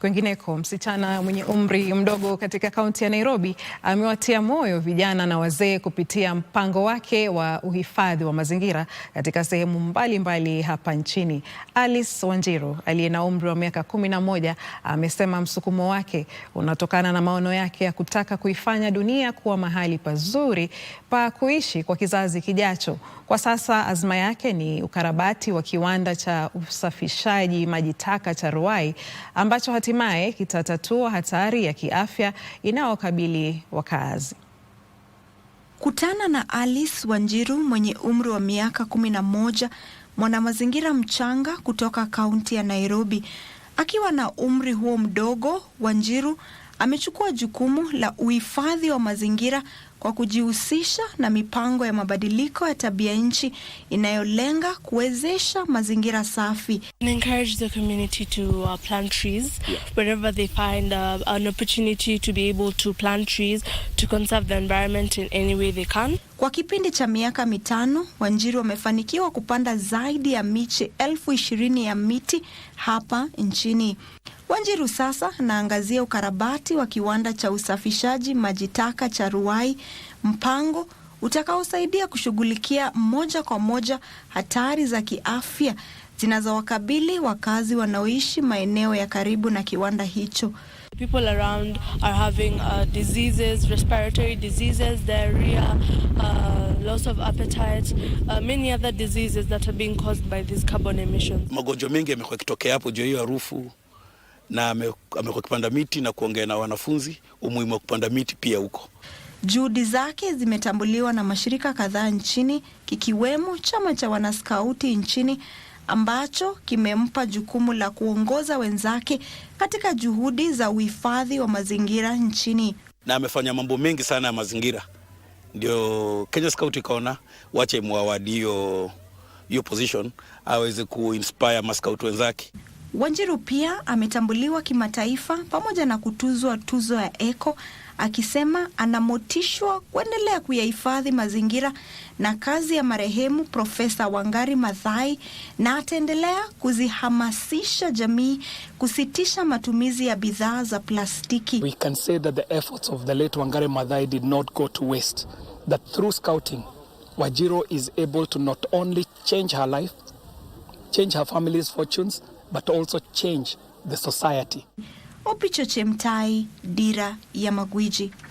Kwingineko, msichana mwenye umri mdogo katika kaunti ya Nairobi amewatia moyo vijana na wazee kupitia mpango wake wa uhifadhi wa mazingira katika sehemu mbalimbali mbali hapa nchini. Alice Wanjiru aliye na umri wa miaka kumi na moja amesema msukumo wake unatokana na maono yake ya kutaka kuifanya dunia kuwa mahali pazuri pa kuishi kwa kizazi kijacho. Kwa sasa azma yake ni ukarabati wa kiwanda cha usafishaji maji taka cha Ruai ambacho hatimaye kitatatua hatari ya kiafya inayokabili wakaazi. Kutana na Alice Wanjiru mwenye umri wa miaka kumi na moja, mwanamazingira mchanga kutoka kaunti ya Nairobi. Akiwa na umri huo mdogo, Wanjiru amechukua jukumu la uhifadhi wa mazingira kwa kujihusisha na mipango ya mabadiliko ya tabia nchi inayolenga kuwezesha mazingira safi. Kwa kipindi cha miaka mitano, Wanjiru wamefanikiwa kupanda zaidi ya miche elfu ishirini ya miti hapa nchini. Wanjiru sasa anaangazia ukarabati wa kiwanda cha usafishaji maji taka cha Ruai mpango utakaosaidia kushughulikia moja kwa moja hatari za kiafya zinazowakabili wakazi wanaoishi maeneo ya karibu na kiwanda hicho. People around are having uh, diseases, respiratory diseases, diarrhea, uh, loss of appetite, uh, many other diseases that are being caused by these carbon emissions. Magonjwa mengi yamekuwa kitokea hapo juu hiyo harufu na amekuwa kipanda miti na kuongea na wanafunzi umuhimu wa kupanda miti pia huko. Juhudi zake zimetambuliwa na mashirika kadhaa nchini kikiwemo chama cha wanaskauti nchini ambacho kimempa jukumu la kuongoza wenzake katika juhudi za uhifadhi wa mazingira nchini. Na amefanya mambo mengi sana ya mazingira, ndio Kenya Scout ikaona wache mwawadi hiyo position aweze kuinspire maskauti wenzake. Wanjiru pia ametambuliwa kimataifa pamoja na kutuzwa tuzo ya Eco, akisema anamotishwa kuendelea kuyahifadhi mazingira na kazi ya marehemu Profesa Wangari Maathai na ataendelea kuzihamasisha jamii kusitisha matumizi ya bidhaa za plastiki. We can say that the efforts of the late Wangari Maathai did not go to waste, that through scouting Wanjiru is able to not only change her life, change her family's fortunes but also change the society. Opicho Chemtai, Dira ya Magwiji.